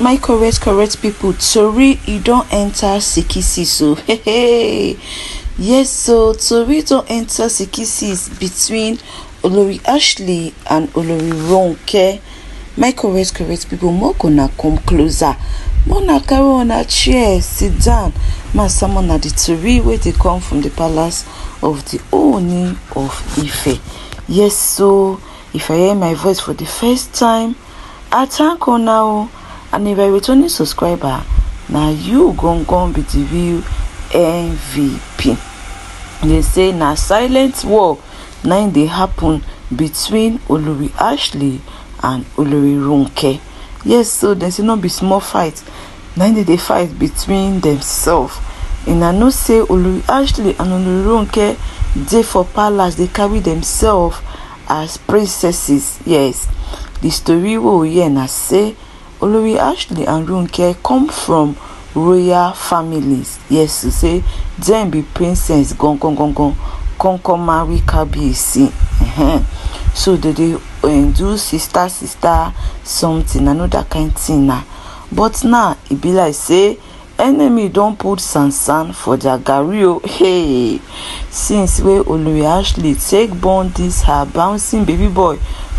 my correct correct people tori you don enter sikisis o oh. hey, hey. yes so tori don enter sikisis between olori ashley and olori ronke my correct correct people Mo gonna come closer Mo una carry una chair sit down ma sama na the tori wey dey come from the palace of the ooni of ife yes so if i hear my voice for the first time i thank una o and if a returning subscriber now you gon' gon' be the real mvp They say now silent war Now they happen between olori ashley and olori Runke. yes so dem say no be small fight Now they dey fight between themselves and I know say olori ashley and olori Runke. They for palace they carry themselves as princesses yes the story will we now say Olori Ashley and Ronke come from royal families, yes to say dem be princess gangan gangan come come marry Kabiyesi. So they they um, do sister sister something I know that kind thing na. But now e be like say enemy don't put sansan for their garri hey since wey Olori Ashley take born this her bouncing baby boy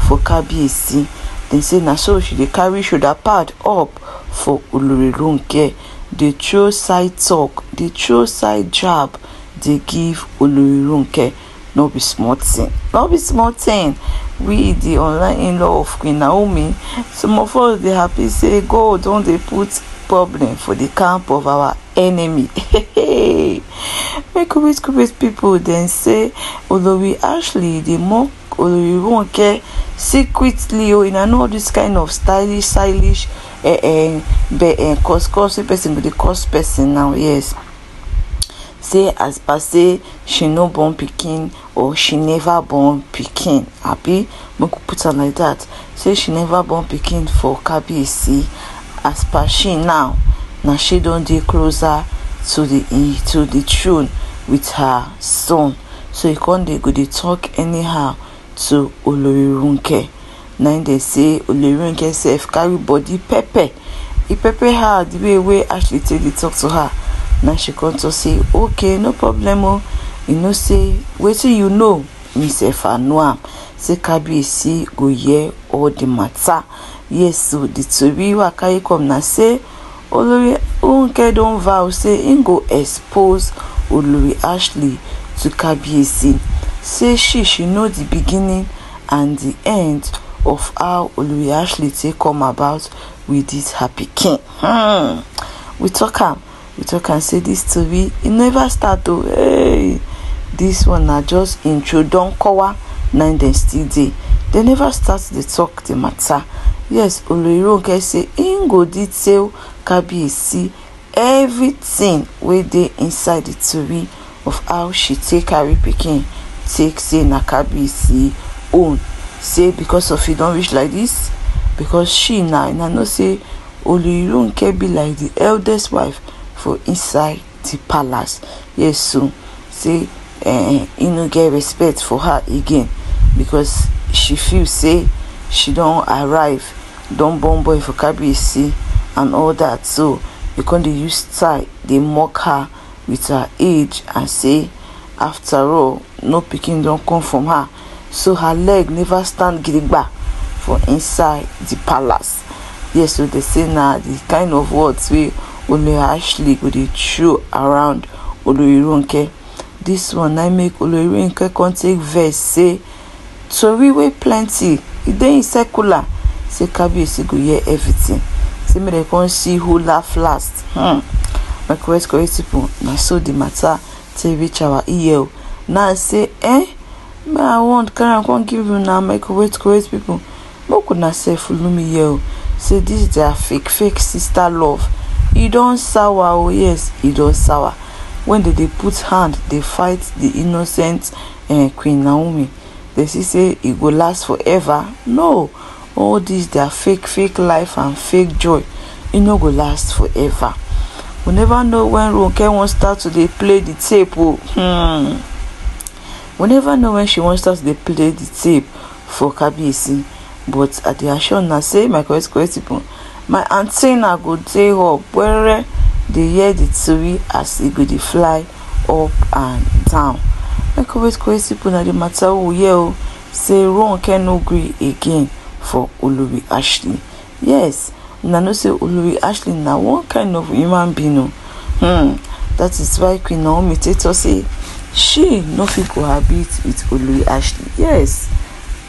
for Kabiyesi. They say na so she dey carry shoulder pad up for olorirunke dey throw side talk. dey throw side jab dey give olorirunke no be small thing. no be small thing. we the online in-law of queen naomi some of us dey happy say god don dey put problem for the camp of our enemy wey kurit-kurit pipo dem say olori ashley dey mock olori ronke secretly o una know all dis kind of stylish stylish um um cos cos wey person go dey cause person now yes say as per say she no born pikin or she never born pikin abi make we put am like that. say she never born pikin for kabiyesi as per she now na she don dey closer to the e, to the throne with her son so he come dey go dey talk anyhow to olorerunke na im dey say olorerunke sef carry body pepper e pepper her the way wey ashley take dey talk to her na she come talk say okay no problem o oh. you know say wetin you know me sef i know am say kabiyesi go hear all the matter yes o the tori wey i carry come na say Olori Nkedombia say im go expose Olori Ashley to Kibiyesi, say she she know the beginning and the end of how Olori Ashley take come about with dis her pikin. um We tok am we tok am say dis story e never start o hey dis one na just intro don kowa na im dem still dey. Dem never start dey talk di matter. Yes Olori Ronke say im go detail kabiyesi everything wey dey inside the tori of how she take carry pikin take say na kabiyesi own say because of e don reach like this, because she na una know say oluyinka be like the eldest wife for inside the palace yes so say e no get respect for her again because she feel say she don arrive don born boy for kabiyesi and all that. So you con dey use style they mock her with her age and say after all no picking don't come from her so her leg never stand gidigba for inside the palace yes so they say na the kind of words we only ashley go dey throw around olori ronke dis one I make olori ronke come take verse. say tori wey plenty it e dey in circular say kábíyèsí go hear everything say make dem come see who laugh last Hmm. request correct pipo na so di mata take reach our ear o now say eh make i want. carry am come give una my correct correct pipo make una sef follow me here o say dis dia fake fake sister love e don sour o yes e don sour wen dem dey put hand dey fight di innocent Eh, queen naomi dem see say e go last forever no all dis their fake fake life and fake joy e no go last forever we never know when ronke wan start to dey play the tape o hmm. we never know when she wan start to dey play the tape for kabiyesi but i dey assure una say my correct correct pipo my an ten go dey up were dey hear the tori as e go dey fly up and down my correct correct pipo na the matter we hear o say ronke no gree again for Olori Ashley. Yes, una know say Olori Ashley na one kind of human being o. Hmm, that is why Queen Naomi tell us say she no fit cohabit with Olori Ashley. Yes,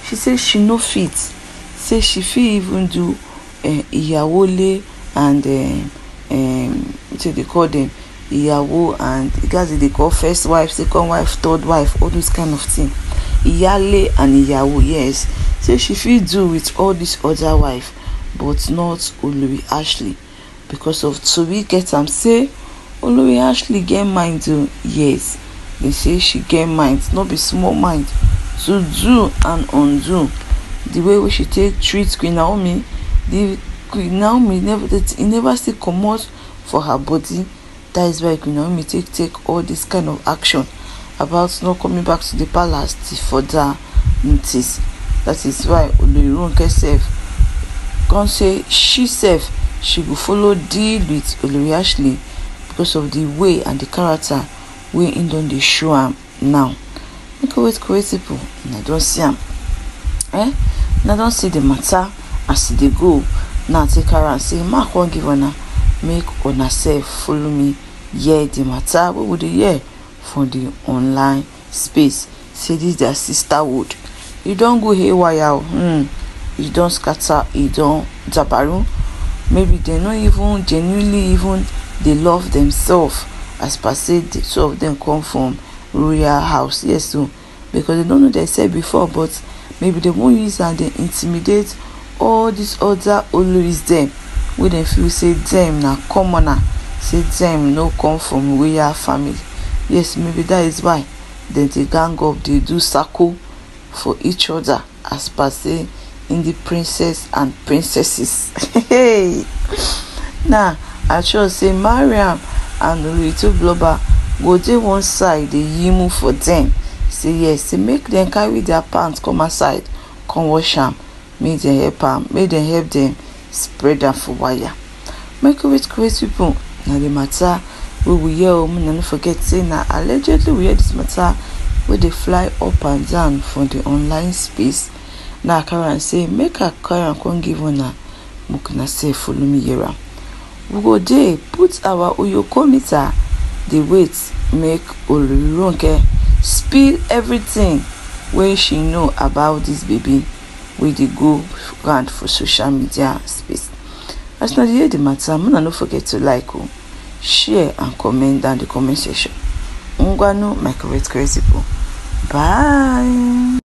she say she no fit, say she fit even do uh, eh, Iyawole and uh, um, what they call them? Iyawo and the guys they call first wife, second wife, third wife, all those kind of thing. Iyale and Iyawo, yes say she fit do with all dis other wife, but not olori ashley because of tori get am say olori ashley get mind o oh, yes dey say she get mind no be small mind to do and undo the way wey she take treat queen naomi di queen naomi e never still comot for her body That is why queen naomi take take all this kind of action about not coming back to the palace till further notice that is why Olori sef come say she sef she go follow deal with Olori Ashley because of the way and the character wey im don dey show am now make we wait correct pipo una don see am eh una don see the matter as e dey go now take her and say mark wan give una make una sef follow me hear the matter wey we dey hear from the online space say this their sister would." e don go haywire Hmm. e don scatter e don dabaru maybe dem no even genuinely even dey love themselves as per say the two of them come from royal house yes o because dem don know themselves before but maybe dem wan use am dey intimidate all these other oloris dem wey dem feel say dem na commoner say dem no come from royal family yes maybe that is why dem dey gang up dey do circle for each other as per se in the princes and princesses hey now i sure say mariam and little blubber. go dey one side the yimu for them. say yes say make them carry their pants come aside. come wash them. make them help them. make them help them spread them for wire make we create people Now the matter we will hear o and forget say na allegedly we hear this matter wey dey fly up and down for di online space na carry say make i carry am come give una make una sef follow me hear am we go dey put our oyoko meter dey wait make olorironke spill everything wey she know about dis baby wey dey go round for social media space as una dey hear di matter una no forget to like o oh, share and comment down di comment section ngwanụ Microwave crazy bụ bye